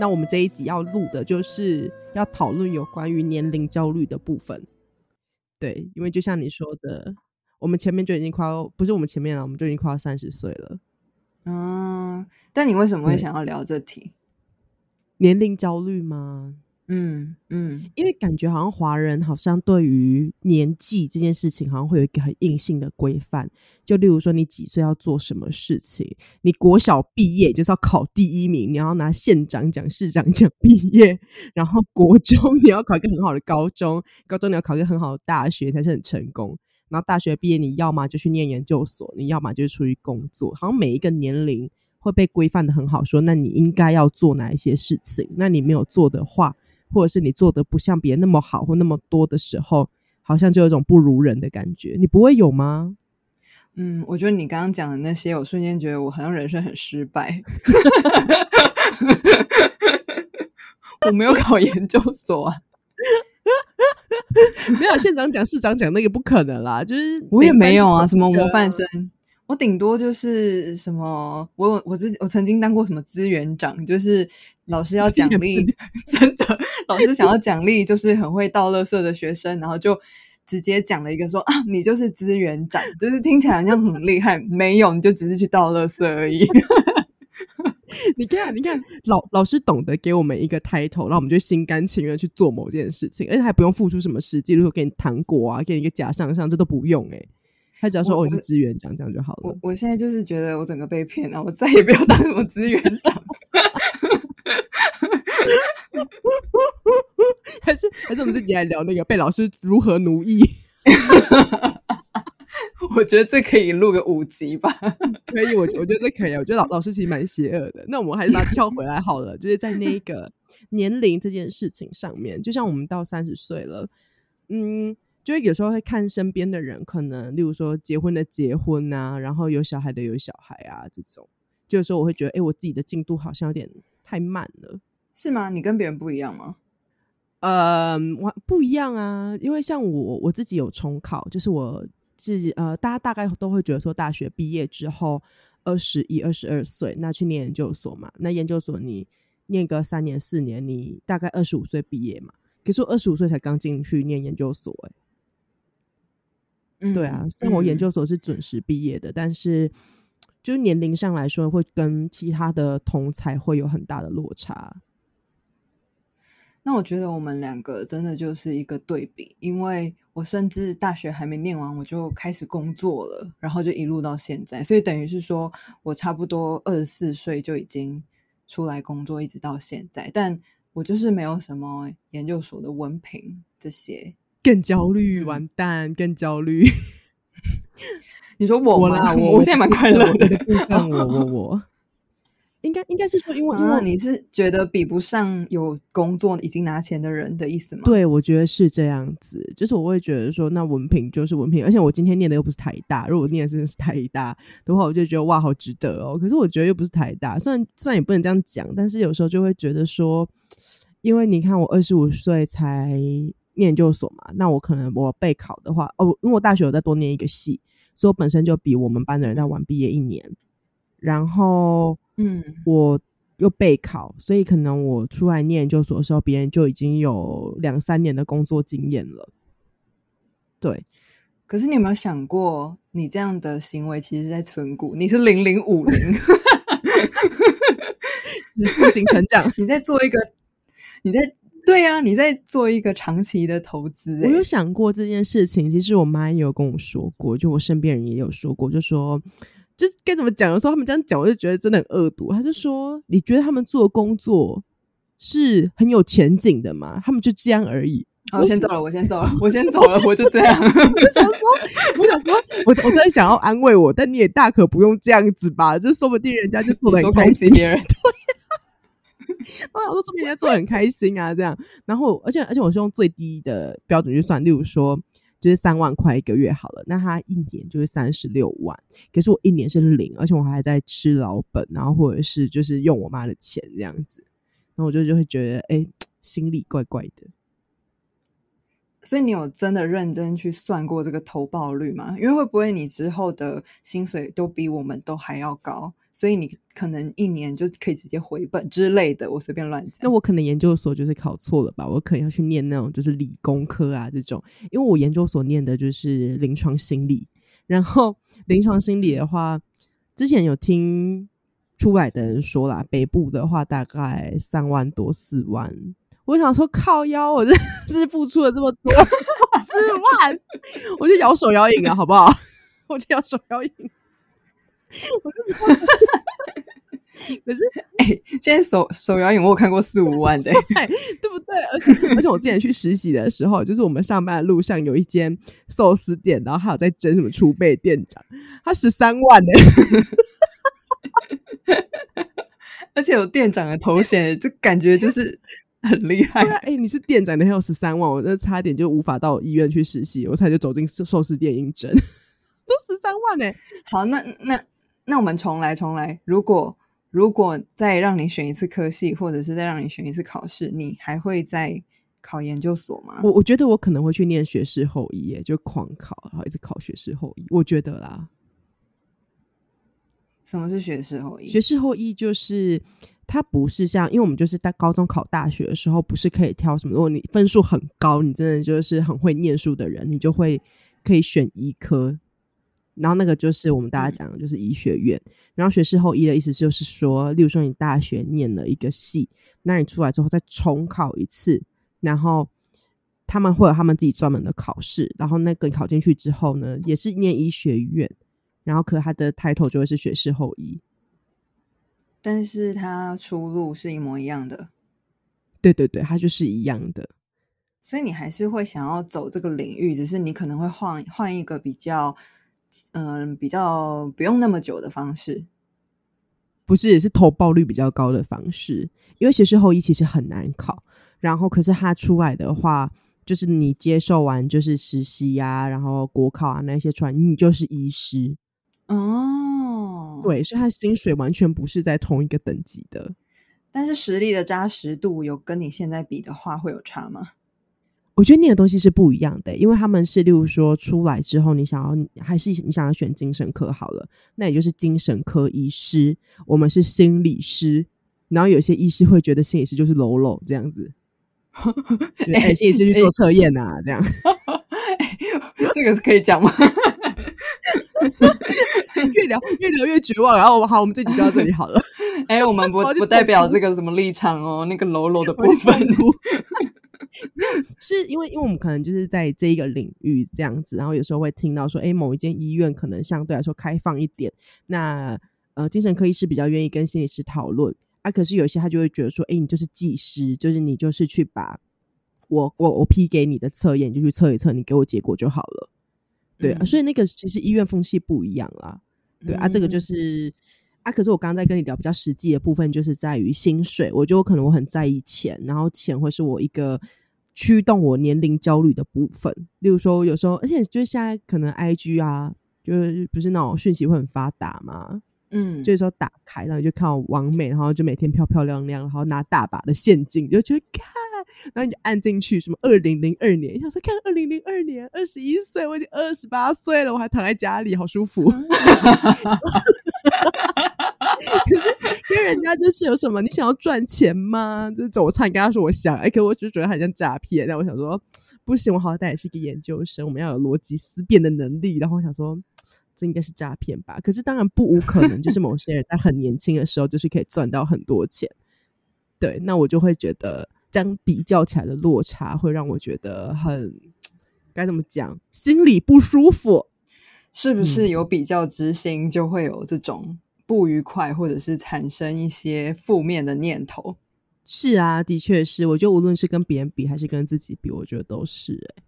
那我們這一集要錄的就是要討論有關於年齡焦慮的部分，對，因為就像你說的，我們前面就已經快要，不是我們前面了，我們就已經快要三十歲了，嗯，但你為什麼會想要聊這題？年齡焦慮嗎？嗯嗯，因為感覺好像華人好像對於年紀這件事情，好像會有一個很硬性的規範。就例如說，你幾歲要做什麼事情？你國小畢業就是要考第一名，你要拿縣長獎、市長獎畢業。然後國中你要考一個很好的高中，高中你要考一個很好的大學才是很成功。然後大學畢業，你要麼就去念研究所，你要麼就是出去工作。好像每一個年齡會被規範得很好說，那你應該要做哪一些事情？那你沒有做的話。或者是你做的不像別人那麼好或那麼多的時候，好像就有一種不如人的感覺。你不會有嗎？嗯，我覺得你剛剛講的那些，我瞬間覺得我好像人生很失敗。 我沒有考研究所啊， 沒有縣長講、市長講，那個不可能啦，就是我也沒有啊。 什麼模範生？我頂多就是什麼，我我我我曾經當過什麼資源長，就是老師要獎勵，資資 真的。老師想要獎勵，就是很會倒垃圾的學生，然後就直接講了一個說啊，你就是資源長，就是聽起來好像很厲害，沒有，你就只是去倒垃圾而已。 你看，你看，老老師懂得給我們一個抬頭，然後我們就心甘情願去做某件事情，而且還不用付出什麼實際，如果給你糖果啊，給你一個假獎項，這都不用、欸，哎，他只要說我、哦、你是資源長，這樣就好了。我我現在就是覺得我整個被騙了，我再也不要當什麼資源長。 還是還是我們自己來聊那個被老師如何奴役 。 我覺得這可以錄個五集吧。可以，我我覺得這可以。我覺得老老師其實蠻邪惡的。那我們還是把它跳回來好了。 就是在那個年齡這件事情上面，就像我們到三十歲了，嗯，就會有時候會看身邊的人，可能例如說，結婚的結婚啊，然後有小孩的有小孩啊，這種，就有時候我會覺得，哎、欸，我自己的進度好像有點太慢了。是嗎？你跟別人不一樣嗎？呃，我不一樣啊，因為像我我自己有重考，就是我自己呃，大家大概都會覺得說，大學畢業之後二十一、二十二歲，那去念研究所嘛，那研究所你念個三年、四年，你大概二十五歲畢業嘛。可是我二十五歲才剛進去念研究所、欸，哎、嗯，對啊，那我研究所是準時畢業的，嗯、但是就是年齡上來說，會跟其他的同才會有很大的落差。那我覺得我們兩個真的就是一個對比，因為我甚至大學還沒念完，我就開始工作了，然後就一路到現在，所以等於是說我差不多二十四歲就已經出來工作，一直到現在，但我就是沒有什麼研究所的文憑這些，更焦慮、嗯，完蛋，更焦慮。 你說我嗎？我我，我現在蠻快樂的，我 我我。我我應該應該是說因、嗯，因為因為你是覺得比不上有工作已經拿錢的人的意思嗎？對，我覺得是這樣子。就是我會覺得說，那文憑就是文憑，而且我今天念的又不是台大。如果念的真的是台大的話，我就覺得哇，好值得哦。可是我覺得又不是台大，雖然雖然也不能這樣講，但是有時候就會覺得說，因為你看我二十五歲才念研究所嘛，那我可能我備考的話，哦，因為我大學有再多念一個系，所以我本身就比我們班的人要晚畢業一年，然後。嗯，我又備考，所以可能我出來念研究所的時候，別人就已經有兩三年的工作經驗了。對，可是你有沒有想過，你這樣的行為其實在存股，你是零零五零，你不行成長，你在做一個，你在對啊，你在做一個長期的投資，欸。我有想過這件事情，其實我媽也有跟我說過，就我身邊人也有說過，就說。就該怎麼講的時候，他們這樣講，我就覺得真的很惡毒。他就說：“你覺得他們做工作是很有前景的嗎？他們就這樣而已。”我先走了，我先走了， 我先走了，我就，我就這樣。我，就想 我想說，我想說，我我在想要安慰我， 但你也大可不用這樣子吧。就說不定人家就做的很開心，別人 對、啊。 我想說，說不定人家做的很開心啊，這樣。然後，而且而且，我是用最低的標準去算，例如說。就是三萬塊一個月好了，那他一年就是三十六萬，可是我一年是零，而且我還在吃老本，然後或者是就是用我媽的錢這樣子，那我就就會覺得哎，心裡怪怪的。所以你有真的認真去算過這個投報率嗎？因為會不會你之後的薪水都比我們都還要高？所以你可能一年就可以直接回本之類的，我隨便亂講。那我可能研究所就是考錯了吧？我可能要去念那種就是理工科啊這種，因為我研究所念的就是臨床心理。然後臨床心理的話，之前有聽出來的人說啦，北部的話大概三萬多四萬。我想說靠腰，我真是付出了這麼多 四萬，我就搖手搖飲了，好不好？我就搖手搖飲。我就說 我是，可是哎，現在手手搖飲我有看過四五萬的， 對不對？而且 而且我之前去實習的時候，就是我們上班的路上有一間壽司店，然後還有在徵什麼儲備店長，他十三萬呢、欸， 而且有店長的頭銜就就， 頭銜就感覺就是很厲害。哎，欸、你是店長的還有十三萬，我就差點就無法到醫院去實習，我差點就走進壽司店應徵， 都十三萬呢、欸。好，那那。那我們重來重來，如果如果再讓你選一次科系，或者是再讓你選一次考試，你還會再考研究所嗎？我我覺得我可能會去念學士後醫耶，就狂考，然後一直考學士後醫。我覺得啦，什麼是學士後醫？學士後醫就是它不是像，因為我們就是在高中考大學的時候，不是可以挑什麼。如果你分數很高，你真的就是很會念書的人，你就會可以選醫科。然後那個就是我們大家講的，就是醫學院。嗯、然後學士後醫的意思就是說，例如說你大學念了一個系，那你出來之後再重考一次，然後他們會有他們自己專門的考試。然後那個你考進去之後呢，也是念醫學院，然後可他的抬頭就會是學士後醫。但是它出路是一模一樣的。對對對，它就是一樣的。所以你還是會想要走這個領域，只是你可能會換換一個比較。嗯、呃，比較不用那麼久的方式，不是，是投報率比較高的方式，因為學士後醫其實很難考，然後可是他出來的話，就是你接受完就是實習啊，然後國考啊那些傳你就是醫師哦，oh. 對，所以他薪水完全不是在同一個等級的，但是實力的紮實度有跟你現在比的話會有差嗎？我覺得那個東西是不一樣的、欸，因為他們是，例如說出來之後，你想要你還是你想要選精神科好了，那也就是精神科醫師。我們是心理師，然後有些醫師會覺得心理師就是嘍嘍這樣子，哎、欸，心理師去做測驗啊，這樣、 欸欸，這個是可以講嗎？ 越聊越聊越絕望，然後我們好，我們這集就到這裡好了。哎、 欸，我們不不代表這個什麼立場哦，那個嘍嘍的部分。 是因為，因為我們可能就是在這一個領域這樣子，然後有時候會聽到說，欸、某一間醫院可能相對來說開放一點，那、呃、精神科醫師比較願意跟心理師討論、啊、可是有些他就會覺得說、欸，你就是技師，就是你就是去把我我我批給你的測驗就去測一測，你給我結果就好了，對啊，所以那個其實醫院風氣不一樣啊，對啊，這個就是。啊，可是我剛才在跟你聊比較實際的部分，就是在於薪水。我覺得我可能我很在意錢，然後錢會是我一個驅動我年齡焦慮的部分。例如說，有時候，而且就是現在可能 IG 啊，就是不是那種訊息會很發達嘛？嗯，就是說打開，然後你就看網美，然後就每天漂漂亮亮，然後拿大把的現金，就去看，然後你就按進去什麼二零零二年，你想說看二零零二年，二十一歲，我已經二十八歲了，我還躺在家裡，好舒服。 人家就是有什麼，你想要賺錢嗎？這早餐你跟他說，我想，哎、欸，可我只是覺得他像詐騙。但我想說，不行，我好歹也是一個研究生，我們要有邏輯思辨的能力。然後我想說，這應該是詐騙吧？可是當然不無可能，就是某些人在很年輕的時候，就是可以賺到很多錢。 對，那我就會覺得，這樣比較起來的落差，會讓我覺得很該怎麼講，心裡不舒服。是不是有比較之心，嗯、就會有這種？不愉快，或者是產生一些負面的念頭。是啊，的確是。我覺得無論是跟別人比，還是跟自己比，我覺得都是、欸。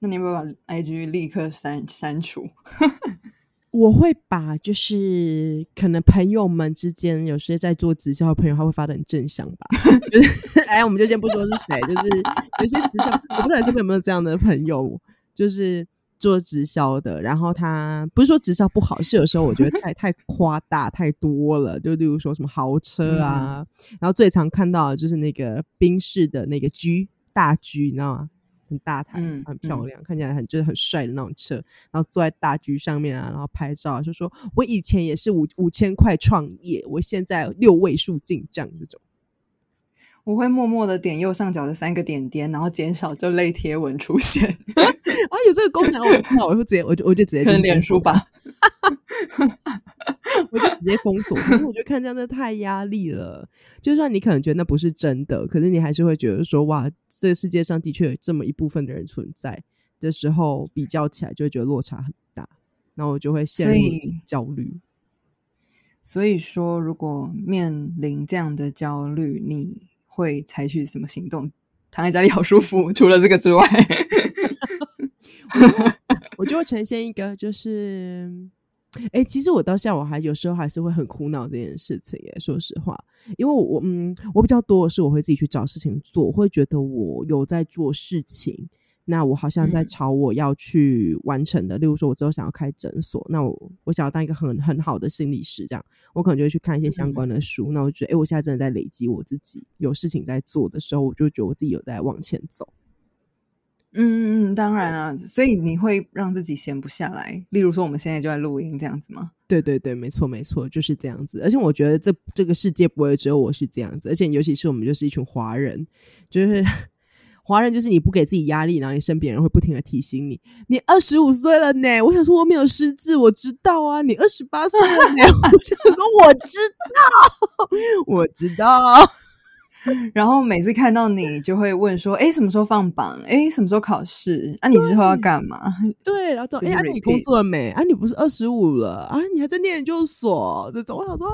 那你有沒有把 IG 立刻刪刪除？ 我會把，就是可能朋友們之間，有時候在做直銷的朋友，他會發的很正向吧。 就是哎，我們就先不說是誰、 就是，就是有些直銷，我不知道這邊有沒有這樣的朋友，就是。做直銷的，然後他不是說直銷不好， 是有時候我覺得太太誇大太多了。就例如說什麼豪車啊，嗯、然後最常看到的就是那個賓士的那個 G 大 G，你知道嗎？很大台，嗯啊、很漂亮、嗯，看起來很就是很帥的那種車。然後坐在大 G 上面啊，然後拍照，就說我以前也是五五千塊創業，我現在六位數進賬這，這種。我會默默的點右上角的三個點點，然後減少這類貼文出現。 啊，有這個功能，我，我就直接，我就我就直接去臉書吧。 我就直接封鎖，因為我覺得看這樣的太壓力了。就算你可能覺得那不是真的，可是你還是會覺得說，哇，這世界上的確有這麼一部分的人存在的時候，比較起來就會覺得落差很大，然後我就會陷入焦慮。所以，所以說，如果面臨這樣的焦慮，你。會採取什麼行動？躺在家裡好舒服。除了這個之外， 我就會呈現一個就是，哎、欸，其實我到現在還有時候還是會很苦惱這件事情耶。說實話，因為我，我，嗯，我比較多的是我會自己去找事情做，會覺得我有在做事情。那我好像在朝我要去完成的，嗯、例如說，我之後想要開診所，那我我想要當一個很很好的心理師，這樣，我可能就會去看一些相關的書。嗯、那我覺得，誒、欸，我現在真的在累積我自己有事情在做的時候，我就覺得我自己有在往前走。嗯嗯嗯，當然啊，所以你會讓自己閒不下來。例如說，我們現在就在錄音這樣子嗎？對對對，沒錯沒錯，就是這樣子。而且我覺得這這個世界不會只有我是這樣子，而且尤其是我們就是一群華人，就是。華人就是你不給自己壓力，然後你身邊人會不停的提醒你，你二十五歲了呢。我想說我沒有失智，我知道啊。你二十八歲了呢， 我想說我知道，我知道。 然後每次看到你就會問說，哎、欸，什麼時候放榜？哎、欸，什麼時候考試？那、啊、你之後要幹嘛對？對，然後說，哎、欸，呀、啊，你工作了沒？啊，你不是二十五了？啊，你還在念研究所？這種，我想說。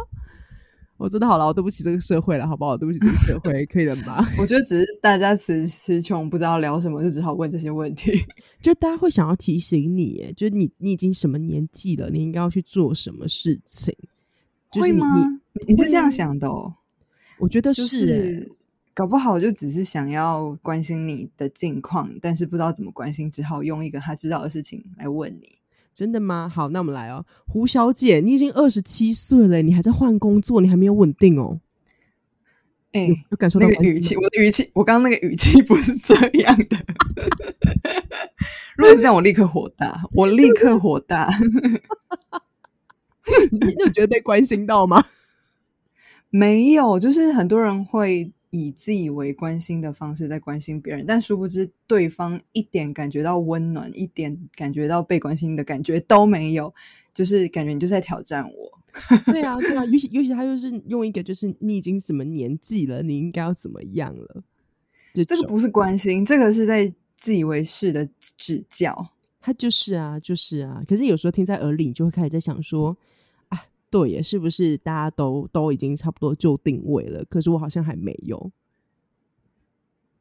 我、oh, 真的好了，我對不起這個社會了，好不好？我對不起這個社會， 可以了嗎？我覺得只是大家詞詞窮，不知道聊什麼，就只好問這些問題。 就大家會想要提醒你、欸，就是你，你已經什麼年紀了？你應該要去做什麼事情？為什麼？你是這樣想的、喔？ 我覺得是、欸就是，搞不好就只是想要關心你的近況，但是不知道怎麼關心，只好用一個他知道的事情來問你。真的嗎？好，那我們來哦，郭小姐，你已經二十七歲了，你還在換工作，你還沒有穩定哦。哎、欸，有感受到我的、那個、語氣？我的語氣，我剛剛那個語氣不是這樣的。 如果是這樣，我立刻火大，我立刻火大。 你有覺得被關心到嗎？沒有，就是很多人會以自以為關心的方式在關心別人，但殊不知對方一點感覺到溫暖、一點感覺到被關心的感覺都沒有，就是感覺你就在挑戰我。 對啊，對啊，尤其尤其他又是用一個就是你已經什麼年紀了，你應該要怎麼樣了？對，這個不是關心，這個是在自以為是的指教。他就是啊，就是啊，可是有時候聽在耳裡，就會開始在想說。對耶，是不是大家都都已經差不多就定位了？可是我好像還沒有，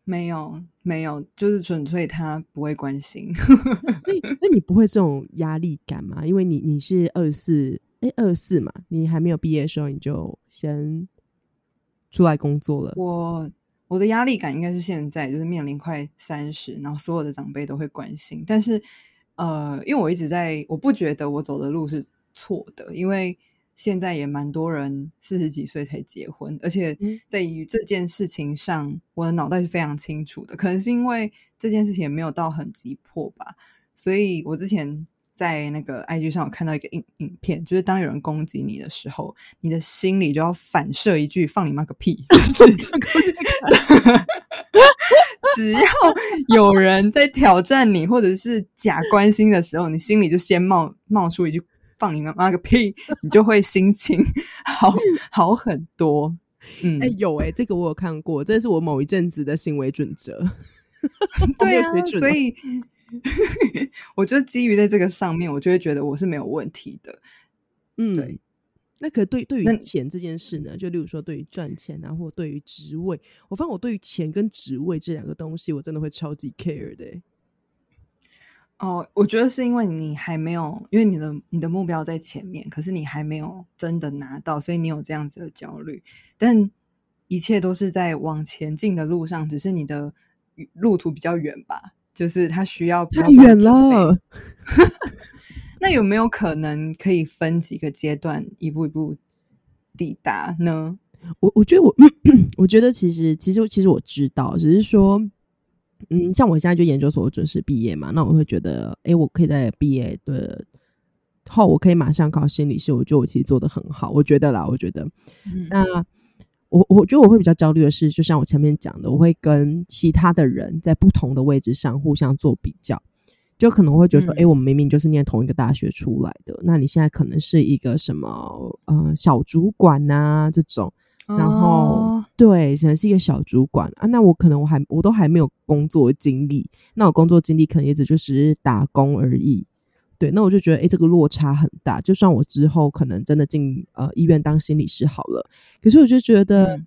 沒有沒有，就是純粹他不會關心。所 以、欸，那你不會這種壓力感嗎？因為你你是二四，哎二四嘛，你還沒有畢業的時候，你就先出來工作了。我我的壓力感應該是現在，就是面臨快三十，然後所有的長輩都會關心。但是呃，因為我一直在，我不覺得我走的路是錯的，因為。現在也蠻多人四十幾歲才結婚，而且在於這件事情上，嗯、我的腦袋是非常清楚的。可能是因為這件事情也沒有到很急迫吧，所以我之前在那個 IG 上，我看到一個影影片，就是當有人攻擊你的時候，你的心裡就要反射一句“放你媽個屁”！就是， 只要有人在挑戰你，或者是假關心的時候，你心裡就先冒冒出一句，放你媽個屁！你就會心情好 好很多。嗯，欸、有哎、欸，這個我有看過，這是我某一陣子的行為準則。 對啊，啊，所以 我就得基於在這個上面，我就會覺得我是沒有問題的。嗯，對。那可對，對於錢這件事呢，就例如說對於賺錢啊，或對於職位，我發現我對於錢跟職位這兩個東西，我真的會超級 care 的、欸。哦，我覺得是因為你還沒有，因為你的你的目標在前面，可是你還沒有真的拿到，所以你有這樣子的焦慮。但一切都是在往前進的路上，只是你的路途比較遠吧？就是它需要，要太遠了。 那有沒有可能可以分幾個階段，一步一步抵達呢？我我覺得我我覺得其實其實其實我知道，只是說。嗯，像我現在就研究所準時畢業嘛，那我會覺得，誒、欸，我可以在畢業的後，我可以馬上考心理師。我覺得我其實做得很好，我覺得啦，我覺得。嗯、那我我覺得我會比較焦慮的是，就像我前面講的，我會跟其他的人在不同的位置上互相做比較，就可能會覺得說，誒、嗯欸，我們明明就是念同一個大學出來的，那你現在可能是一個什麼呃小主管啊這種。然後，oh. 對，可能是一個小主管啊。那我可能我還我都還沒有工作經歷，那我工作經歷可能也只就是打工而已。對，那我就覺得，哎，這個落差很大。就算我之後可能真的進呃醫院當心理師好了，可是我就覺得，mm.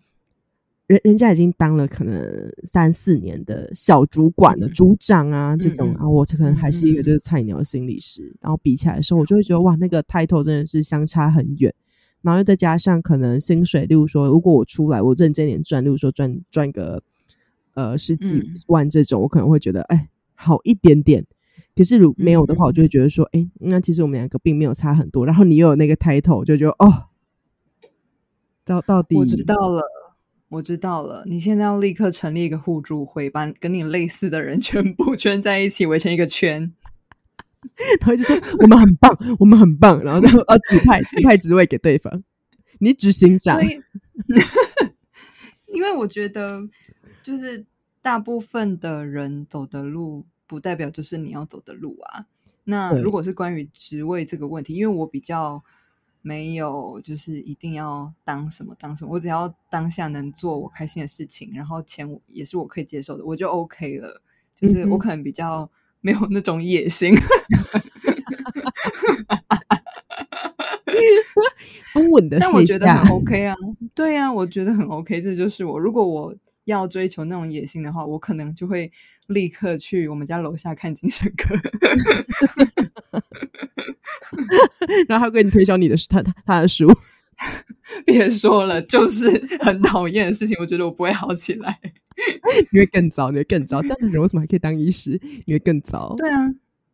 人人家已經當了可能三四年的小主管了，組、mm. 長啊這種、mm. 啊，我可能還是一個就是菜鳥心理師，mm. 然後比起來的時候，我就會覺得，哇，那個 title 真的是相差很遠。然後再加上可能薪水，例如說，如果我出來我認真點賺，例如說賺賺個呃十幾萬這種、嗯，我可能會覺得哎好一點點。可是如沒有的話嗯嗯，我就會覺得說哎，那其實我們兩個並沒有差很多。然後你又有那個 title，就覺得哦，到到底我知道了，我知道了。你現在要立刻成立一個互助會，把跟你類似的人全部圈在一起，圍成一個圈。 然後就說我們很棒。 我們很棒。然後就說啊，指派指派職位給對方，你執行長。因為我覺得，就是大部分的人走的路，不代表就是你要走的路啊。那如果是關於職位這個問題，因為我比較沒有，就是一定要當什麼當什麼，我只要當下能做我開心的事情，然後錢也是我可以接受的，我就 OK 了。就是我可能比較。沒有那種野心，穩的。但我覺得很 OK 啊， 對呀、啊，我覺得很 OK。這就是我，如果我要追求那種野心的話，我可能就會立刻去我們家樓下看精神科， 然後還會給你推銷你的他他他的書。 別說了，就是很討厭的事情。我覺得我不會好起來。 你會更糟，你會更糟。但是人為什麼還可以當醫師？你會更糟。對啊，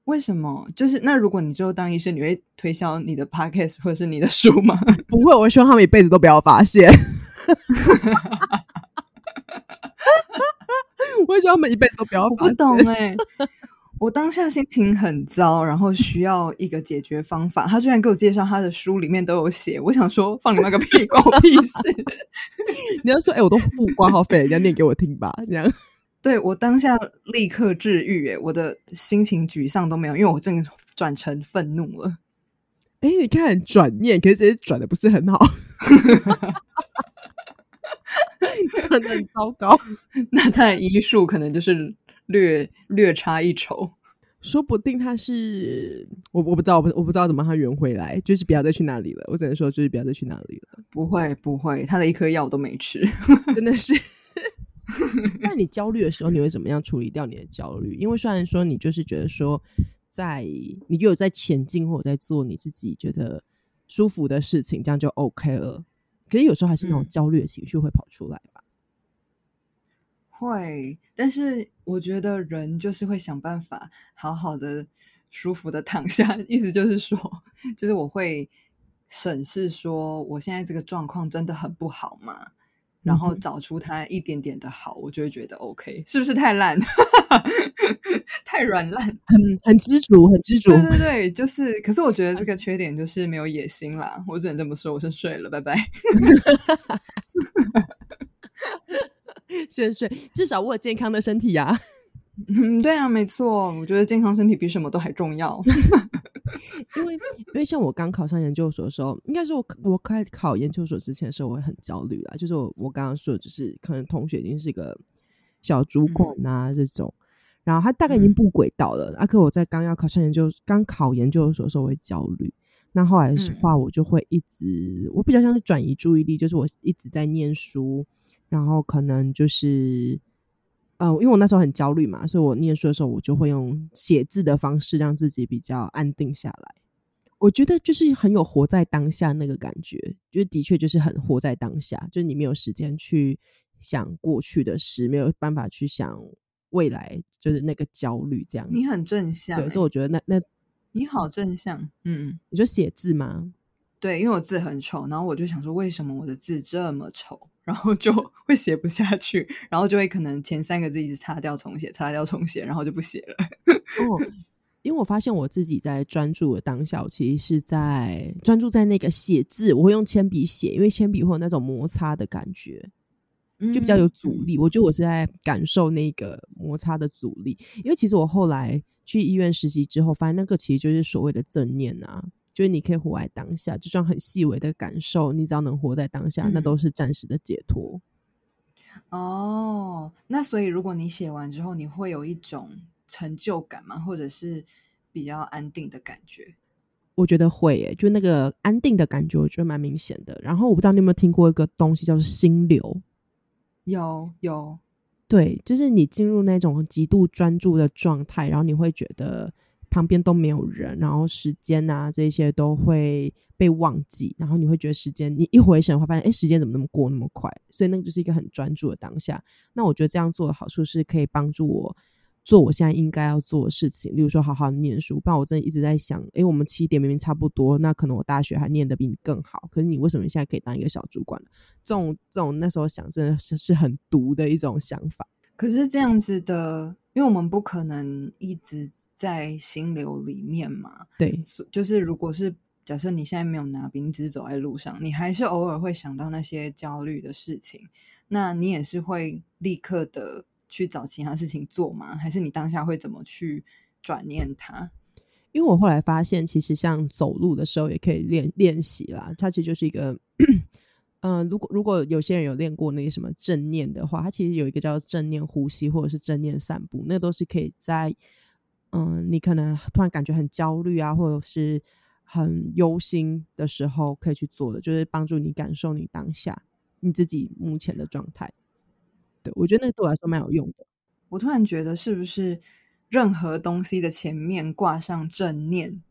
為什麼？就是那如果你之後當醫師，你會推銷你的 podcast 或者是你的書嗎？不會，我會希望他們一輩子， 子都不要發現。我會希望他們一輩子都不要發現。我不懂哎、欸。 我當下心情很糟，然後需要一個解決方法。他居然給我介紹他的書，裡面都有寫。我想說放你們個屁光， 欸、我關我屁事！你要說哎，我都付掛號費了，人家念給我聽吧，這樣對我當下立刻治癒、欸。哎，我的心情沮喪都沒有，因為我正個轉成憤怒了。哎、欸，你看轉念，可是這些轉的不是很好，真 的 很糟糕。 那他的醫術可能就是。略略差一籌，說不定他是我我不知道，我不知道怎麼他圓回來，就是不要再去那裡了。我只能說，就是不要再去那裡了。不會不會，他的一顆藥我都沒吃， 真的是。 那你焦慮的時候，你會怎麼樣處理掉你的焦慮？因為雖然說你就是覺得說在你就有在前進或者在做你自己覺得舒服的事情，這樣就 OK 了。可是有時候還是那種焦慮的情緒會跑出來吧。嗯會，但是我覺得人就是會想辦法好好的、舒服的躺下。意思就是說，就是我會審視說，我現在這個狀況真的很不好嘛，然後找出它一點點的好，嗯、我就會覺得 OK，是不是太爛？ 太軟爛，很很知足，很知足，對對對，就是。可是我覺得這個缺點就是沒有野心啦。我只能這麼說，我先睡了，拜拜。 先睡，至少我有健康的身體呀、啊。嗯，對啊，沒錯，我覺得健康身體比什麼都還重要。 因為，因為像我剛考上研究所的時候，應該是我我開考研究所之前的時候我會很焦慮的，就是我我剛剛說，就是可能同學已經是一個小主管啊這種、嗯，然後他大概已經不軌道了。阿、嗯、克、啊、我在剛要考上研究剛考研究所的，的時候我會焦慮，那後來的話我就會一直、嗯、我比較像是轉移注意力，就是我一直在念書。然後可能就是，呃因為我那時候很焦慮嘛，所以我念書的時候我就會用寫字的方式讓自己比較安定下來。我覺得就是很有活在當下那個感覺，就是的確就是很活在當下，就是你沒有時間去想過去的事，沒有辦法去想未來，就是那個焦慮這樣。你很正向欸，對，所以我覺得那，那你好正向，嗯，你說寫字嗎？對，因為我字很醜，然後我就想說，為什麼我的字這麼醜。然後就會寫不下去，然後就會可能前三個字一直擦掉重寫，擦掉重寫，然後就不寫了。哦，因為我發現我自己在專注的當下，其實是在專注在那個寫字，我會用鉛筆寫，因為鉛筆會有那種摩擦的感覺、嗯，就比較有阻力。我覺得我是在感受那個摩擦的阻力。因為其實我後來去醫院實習之後，發現那個其實就是所謂的正念啊。就是你可以活在當下，就算很細微的感受，你只要能活在當下，嗯、那都是暫時的解脫。哦、oh，那所以如果你寫完之後，你會有一種成就感嗎？或者是比較安定的感覺？我覺得會耶、欸，就那個安定的感覺，我覺得蠻明顯的。然後我不知道你有沒有聽過一個東西叫做心流，有有，對，就是你進入那種極度專注的狀態，然後你會覺得。旁邊都沒有人，然後時間啊這些都會被忘記，然後你會覺得時間，你一回神會發現哎、欸，時間怎麼那麼過那麼快？所以那個就是一個很專注的當下。那我覺得這樣做的好處是可以幫助我做我現在應該要做的事情，例如說好好念書。不然我真的一直在想，哎、欸，我們起點明明差不多，那可能我大學還念得比你更好，可是你為什麼現在可以當一個小主管？這種這種那時候想真的是是很毒的一種想法。可是這樣子的。因為我們不可能一直在心流裡面嘛，對，就是如果是假設你現在沒有拿筆，你只是走在路上，你還是偶爾會想到那些焦慮的事情，那你也是會立刻的去找其他事情做嗎？還是你當下會怎麼去轉念它？因為我後來發現，其實像走路的時候也可以練練習啦，它其實就是一個。 嗯、呃，如果如果有些人有練過那些什麼正念的話，它其實有一個叫正念呼吸，或者是正念散步，那個，都是可以在嗯、呃，你可能突然感覺很焦慮啊，或者是很憂心的時候可以去做的，就是幫助你感受你當下你自己目前的狀態。對，我覺得那個對我來說蠻有用的。我突然覺得，是不是任何東西的前面掛上正念，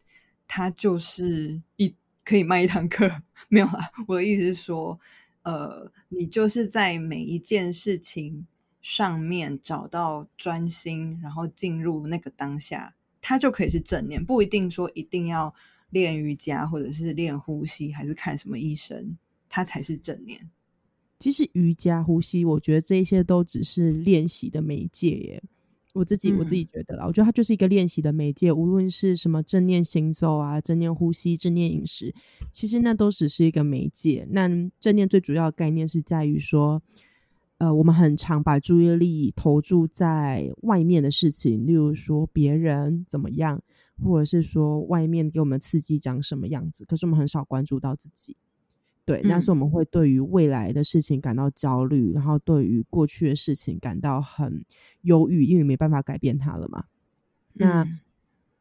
它就是一。可以賣一堂課，沒有啊？我的意思是說，呃，你就是在每一件事情上面找到專心，然後進入那個當下，它就可以是正念，不一定說一定要練瑜伽或者是練呼吸，還是看什麼醫生，它才是正念。其實瑜伽、呼吸，我覺得這些都只是練習的媒介耶。我自己我自己覺得啦，嗯，我覺得它就是一個練習的媒介，無論是什麼正念行走啊、正念呼吸、正念飲食，其實那都只是一個媒介。那正念最主要的概念是在於說，呃，我們很常把注意力投注在外面的事情，例如說別人怎麼樣，或者是說外面給我們刺激長什麼樣子，可是我們很少關注到自己。對，那所以我們會對於未來的事情感到焦慮，嗯，然後對於過去的事情感到很憂鬱，因為沒辦法改變它了嘛。嗯、那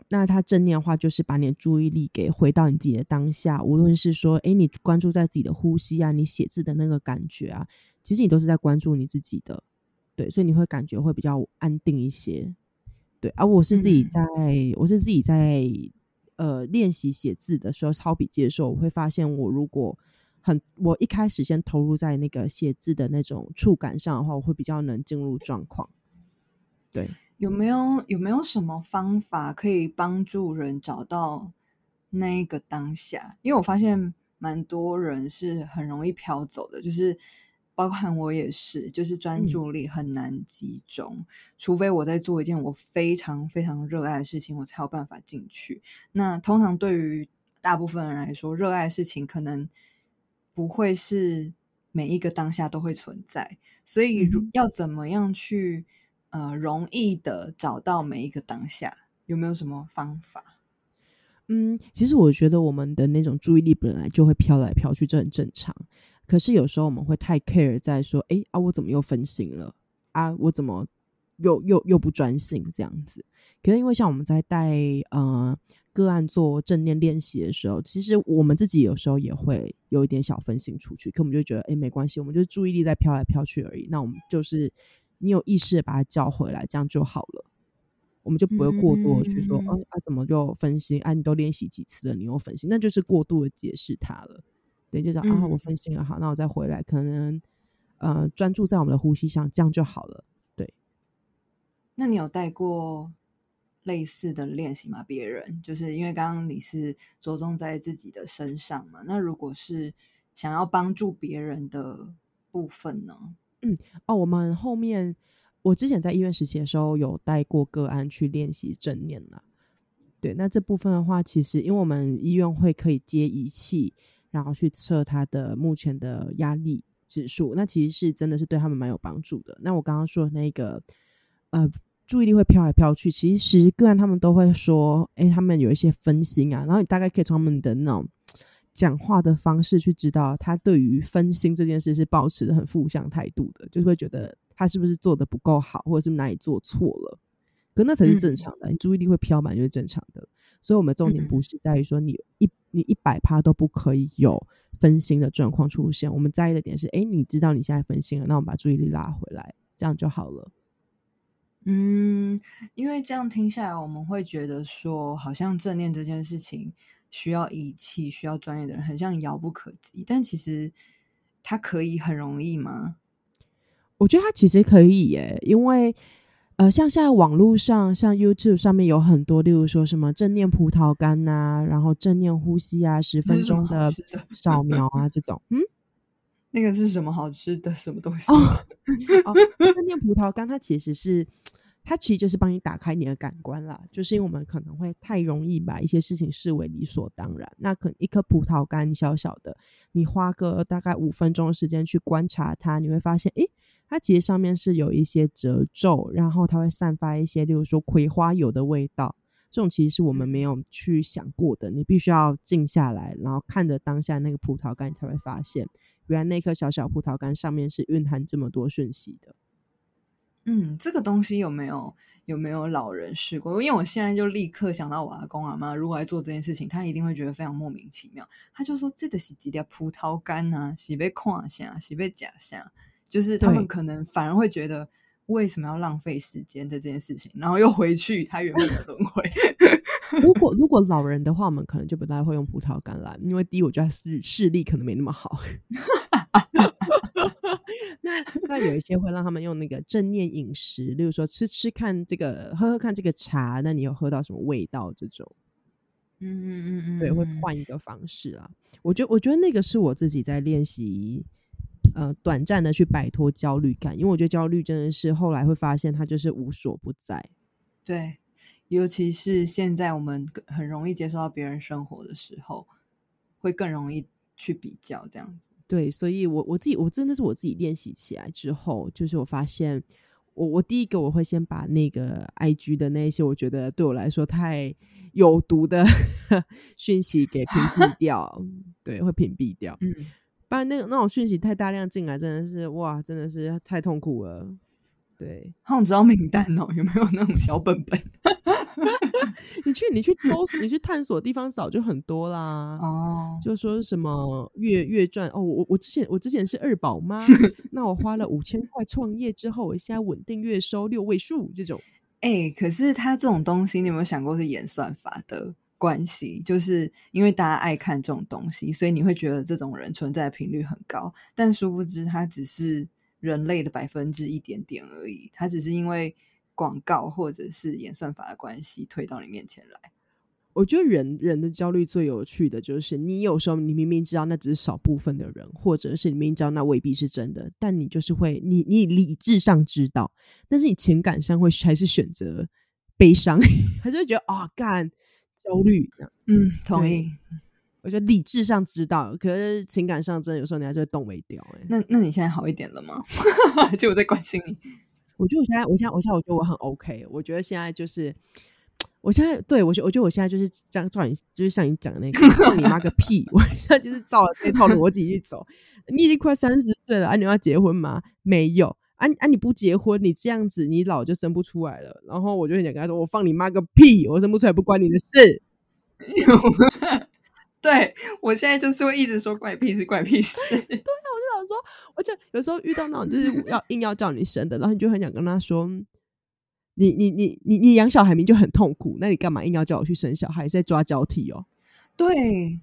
那他正念的話，就是把你的注意力給回到你自己的當下，無論是說，哎，你關注在自己的呼吸啊，你寫字的那個感覺啊，其實你都是在關注你自己的。對，所以你會感覺會比較安定一些。對，而、啊、我是自己在、嗯，我是自己在，呃，練習寫字的時候，抄筆記的時候，我會發現我如果。很，我一開始先投入在那個寫字的那種觸感上的話，我會比較能進入狀況。對，有沒有有沒有什麼方法可以幫助人找到那個當下？因為我發現蠻多人是很容易飄走的，就是包括我也是，就是專注力很難集中，嗯。除非我在做一件我非常非常熱愛的事情，我才有辦法進去。那通常對於大部分人來說，熱愛的事情可能。不會是每一個當下都會存在，所以要怎麼樣去、嗯、呃容易的找到每一個當下，有沒有什麼方法？嗯，其實我覺得我們的那種注意力本來就會飄來飄去，這很正常。可是有時候我們會太 care，在說，哎啊，我怎麼又分心了啊？我怎麼又又又不專心這樣子？可是因為像我們在帶呃。個案做正念練習的時候，其實我們自己有時候也會有一點小分心出去，可我們就覺得，哎，欸，沒關係，我們就是注意力在飄來飄去而已。那我們就是你有意識的把它叫回來，這樣就好了。我們就不會過多的去說，嗯，啊，怎麼就分心？啊，你都練習幾次了？你又分心，那就是過度的解釋它了。對，就說啊，我分心了，好，那我再回來，可能呃，專注在我們的呼吸上，這樣就好了。對。那你有帶過？類似的練習嘛，別人就是因為剛剛你是着重在自己的身上嘛，那如果是想要幫助別人的部分呢？嗯，哦，我們後面我之前在醫院實習的時候有帶過個案去練習正念了。對，那這部分的話，其實因為我們醫院會可以接儀器，然後去測他的目前的壓力指數，那其實是真的是對他們蠻有幫助的。那我剛剛說的那個，呃。注意力會飄來飄去，其實個案他們都會說，誒，他們有一些分心啊。然後你大概可以從他們的那種講話的方式去知道，他對於分心這件事是保持很負向態度的，就是會覺得他是不是做得不夠好，或者是不是哪裡做錯了。可那才是正常的，嗯，你注意力會飄滿就是正常的。所以我們的重點不是在於說你一你一百趴都不可以有分心的狀況出現。我們在意的點是，誒，你知道你現在分心了，那我們把注意力拉回來，這樣就好了。嗯，因為這樣聽下來，我們會覺得說，好像正念這件事情需要儀器，需要專業的人，很像遙不可及。但其實它可以很容易嗎？我覺得它其實可以耶，因為呃，像現在網絡上，像 YouTube 上面有很多，例如說什麼正念葡萄乾啊，然後正念呼吸啊，十分鐘的掃描啊，這，這種，嗯，那個是什麼好吃的什麼東西啊？哦、哦、正念葡萄乾它其實是。它其實就是幫你打開你的感官啦，就是因為我們可能會太容易把一些事情視為理所當然。那可能一顆葡萄乾小小的，你花個大概五分鐘的時間去觀察它，你會發現，誒，它其實上面是有一些褶皺，然後它會散發一些，例如說葵花油的味道。這種其實是我們沒有去想過的。你必須要靜下來，然後看着當下那個葡萄乾，你才會發現，原來那顆小小葡萄乾上面是蘊含這麼多訊息的。嗯，這個東西有沒有有沒有老人試過？因為我現在就立刻想到我阿公阿嬤，如果來做這件事情，他一定會覺得非常莫名其妙。他就說：“這個是幾粒葡萄乾啊，是被胯下，是被假下，就是他們可能反而會覺得，為什麼要浪費時間在這件事情，然後又回去他原本的輪迴。如果如果老人的話，我們可能就不太會用葡萄乾來，因為第一，我覺得視力可能沒那麼好。 啊那 有一些會讓他們用那個正念飲食，例如說吃吃看這個，喝喝看這個茶。那你有喝到什麼味道？這種，嗯嗯嗯嗯，對，會換一個方式啊。我覺得，我覺得那個是我自己在練習，呃，短暫的去擺脫焦慮感，因為我覺得焦慮真的是後來會發現它就是無所不在。對，尤其是現在我們很容易接受到別人生活的時候，會更容易去比較這樣子。對，所以我，我我自己，我真的是我自己練習起來之後，就是我發現我，我我第一個我會先把那個 I G 的那些我覺得對我來說太有毒的訊 息給屏蔽掉， 對，會屏蔽掉。嗯，不、嗯、然那個那種訊息太大量進來，真的是哇，真的是太痛苦了。對，好想知道名單哦，有沒有那種小本本？ 你去，你去搜， 你去探索的地方早就很多啦。哦、oh.，就說什麼月月賺哦，我我之前我之前是二寶媽， 那我花了五千塊創業之後，我現在穩定月收六位數這種。哎、欸，可是他這種東西，你有沒有想過是演算法的關係？就是因為大家愛看這種東西，所以你會覺得這種人存在的頻率很高，但殊不知他只是人類的百分之一點點而已，他只是因為。廣告或者是演算法的關係，推到你面前來。我覺得人人的焦慮最有趣的就是，你有時候你明明知道那只是少部分的人，或者是你明明知道那未必是真的，但你就是會，你你理智上知道，但是你情感上會還是選擇悲傷，還是會覺得啊幹、哦、焦慮。嗯，同意。我覺得理智上知道，可是情感上真的有時候你還是會動尾掉、欸。那那你現在好一點了嗎？ 就我在關心你。我覺得我現在，我現在，我現在，我覺得我很 OK。我覺得現在就是，我現在對我覺，我覺得我現在就是像照你，就是像你講的那個，放你媽個屁！我現在就是照了這套邏輯去走。你已經快三十歲了，啊，你要結婚嗎？沒有，啊，啊，你不結婚，你這樣子，你老就生不出來了。然後我就很想跟他說，我放你媽個屁！我生不出來，不關你的事。 對，我現在就是會一直說怪癖是怪癖是。 對啊，我就想說，我就有時候遇到那種就是要硬要叫你生的， 然後你就很想跟他說，你你你你你養小孩命就很痛苦，那你幹嘛硬要叫我去生小孩，是在抓交替哦、喔。對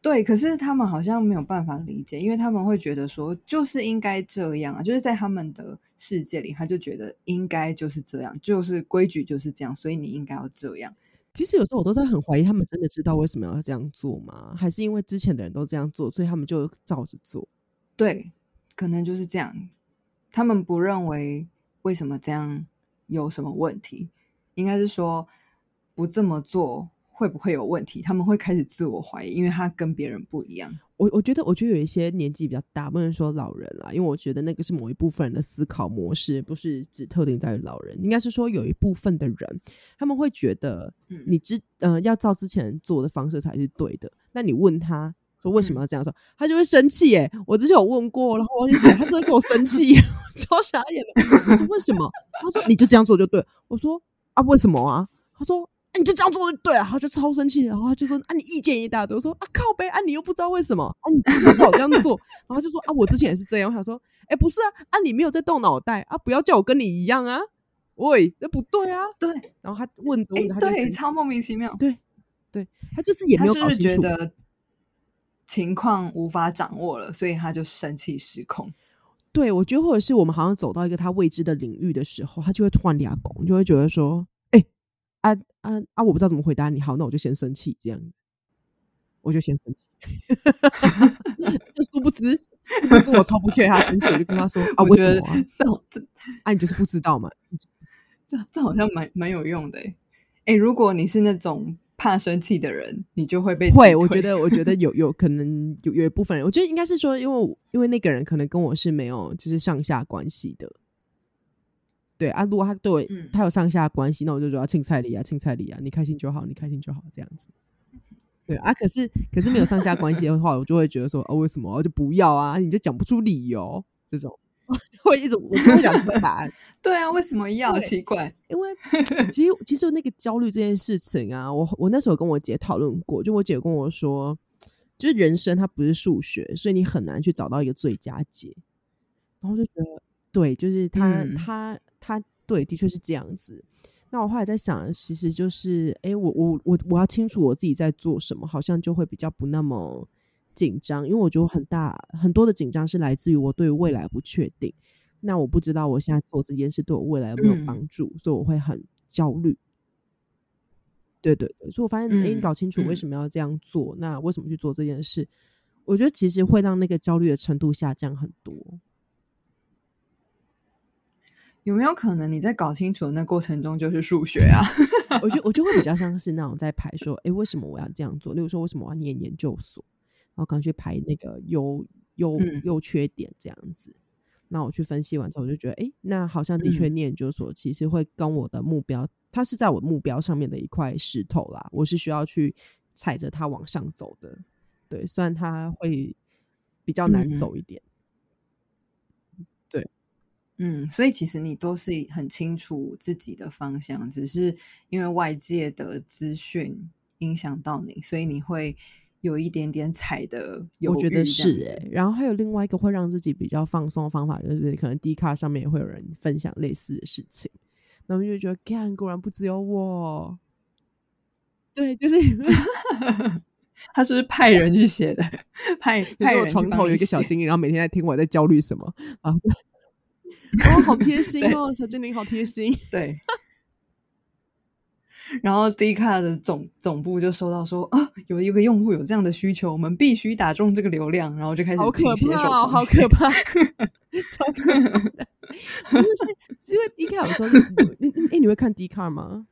對，可是他們好像沒有辦法理解，因為他們會覺得說，就是應該這樣啊，就是在他們的世界裡，他就覺得應該就是這樣，就是規矩就是這樣，所以你應該要這樣。其實有時候我都是很懷疑，他們真的知道為什麼要這樣做嗎？還是因為之前的人都這樣做，所以他們就照着做？對，可能就是這樣。他們不認為，為什麼這樣有什麼問題，應該是說不這麼做會不會有問題？他們會開始自我懷疑，因為他跟別人不一樣。我我覺得，我覺得有一些年紀比較大，不能說老人了、啊，因為我覺得那個是某一部分人的思考模式，不是指特定在於老人，應該是說有一部分的人，他們會覺得，你之，嗯、呃，要照之前做的方式才是對的。那你問他，說為什麼要這樣做、嗯，他就會生氣、欸。哎，我之前有問過，然後我問他，他真的跟我生氣， 超傻眼的。我說為什麼？ 他說你就這樣做就對。我說啊，為什麼啊？他說。哎、欸，你就這樣做就對啊，然後就超生氣，然後他就說啊，你意見一大堆，我說啊，靠北，啊你又不知道為什麼，啊你非要這樣子做， 然後就說啊，我之前也是這樣，我想說，哎、欸，不是啊，啊你沒有在動腦袋啊，不要叫我跟你一樣啊，喂，那不對啊，對，然後他問、欸、對他，超莫名其妙，對，對他就是也沒有搞清楚，覺得情況無法掌握了，所以他就生氣失控。對我覺得，或者是我們好像走到一個他未知的領域的時候，他就會突然倆拱就會覺得說。啊啊啊！我不知道怎麼回答你。好，那我就先生氣，這樣我就先生氣。 就殊不知， 不知，可是我從不給他生氣，我就跟他說：“啊，為什麼、啊？這這、啊……你就是不知道嘛。這”這這好像蠻蠻有用的。哎、欸，如果你是那種怕生氣的人，你就會被會。我覺得，我覺得有有，有可能有有，有一部分人，我覺得應該是說，因為因為那個人可能跟我是沒有就是上下關係的。對啊，如果他對我他有上下關係、嗯，那我就說要凊彩你啊，凊彩你啊，你開心就好，你開心就好，這樣子。對啊，可是可是沒有上下關係的話， 我就會覺得說哦、呃，為什麼、啊、就不要啊？你就講不出理由，這種會 一直我不會講出答案。 對啊，為什麼要奇怪？ 因為其實其實那個焦慮這件事情啊，我我那時候跟我姐討論過，就我姐跟我說，就是人生它不是數學，所以你很難去找到一個最佳解。然後我就覺得。對，就是他、嗯、他，他，他，對，的確是這樣子。那我後來在想，其實就是，哎、欸，我，我，我，我要清楚我自己在做什麼，好像就會比較不那麼緊張。因為我覺得很大很多的緊張是來自於我對未來不確定。那我不知道我現在做這件事對我未來有沒有幫助、嗯，所以我會很焦慮。對對對，所以我發現，哎、欸，你搞清楚為什麼要這樣做、嗯，那為什麼去做這件事，我覺得其實會讓那個焦慮的程度下降很多。有沒有可能你在搞清楚的那過程中就是數學啊？ 我就我就會比較像是那種在排說，哎，為什麼我要這樣做？例如說，為什麼我要念研究所？然後剛去排那個優優優缺點這樣子。那、嗯、我去分析完之後，我就覺得，哎，那好像的確念研究所其實會跟我的目標，它是在我目標上面的一塊石頭啦。我是需要去踩着它往上走的。對，雖然它會比較難走一點。嗯嗯對。嗯，所以其實你都是很清楚自己的方向，只是因為外界的資訊影響到你，所以你會有一點點踩的猶豫，我覺得是、欸、然後還有另外一個會讓自己比較放鬆的方法，就是可能 D 卡上面也會有人分享類似的事情，然後你就會覺得 “Gang” 果然不只有我。對，就是 他是不是派人去寫的？ 派派人，我床頭有一個小精靈，然後每天在聽我在焦慮什麼、啊 哦，好貼心哦，小精靈好貼心。對。然後，Dcard 的總總部就收到說哦、啊，有一個用戶有這樣的需求，我們必須打中這個流量，然後就開始好可怕、哦，好可怕。 超可怕 因為 Dcard 說，哎哎、 欸，你會看 Dcard 嗎？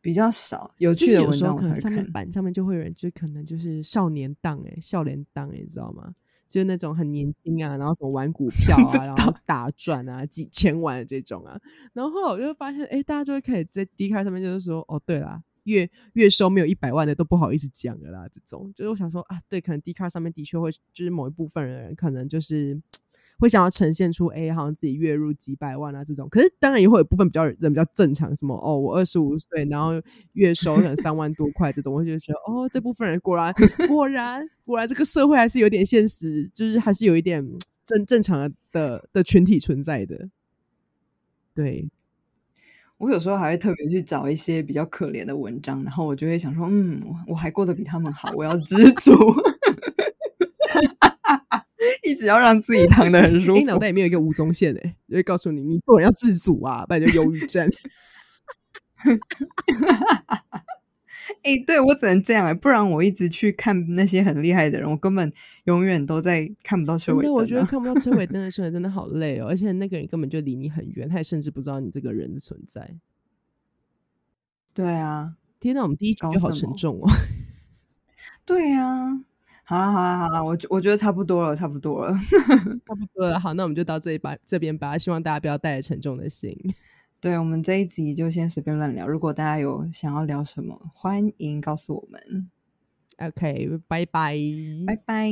比較少，有趣的文章我、就是、時候可能上面版上面就會有，人就可能就是少年檔哎、欸，少年檔哎、欸，你知道嗎？就是那種很年輕啊，然後什麼玩股票啊，然後大賺啊，幾千萬的這種啊，然後後來我就發現，哎，大家就會開始在 D 卡上面就是說，哦，對啦，月月收沒有一百萬的都不好意思講的啦，這種就是我想說啊，對，可能 D 卡上面的確會就是某一部分人可能就是。會想要呈現出 A、欸，好像自己月入幾百萬啊這種，可是當然也會有部分比較人，人比較正常，什麼哦，我二十五歲，然後月收可能三萬多塊這種， 我就覺得哦，這部分人果然果然果然，果然果然這個社會還是有點現實，就是還是有一點正正常的的的群體存在的。對，我有時候還會特別去找一些比較可憐的文章，然後我就會想說，嗯，我還過得比他們好，我要知足。 一直要讓自己躺得很舒服、欸。你、欸、腦袋裡面有一個吳宗憲哎、欸， 就會告訴你，你不然要自主啊，不然就憂鬱症。哎、 欸，對我只能這樣哎、欸，不然我一直去看那些很厲害的人，我根本永遠都在看不到車尾燈、啊。那我覺得看不到車尾燈的時候真的好累哦、喔， 而且那個人根本就離你很遠，他也甚至不知道你這個人的存在。對啊，天哪，我們第一集就好沉重哦、喔。對啊。好啦，好了，好了，我我覺得差不多了，差不多了， 差不多了。好，那我們就到這裡吧，這邊吧。希望大家不要帶着沉重的心。對，我們這一集就先隨便亂聊。如果大家有想要聊什麼，歡迎告訴我們。OK，拜拜，拜拜。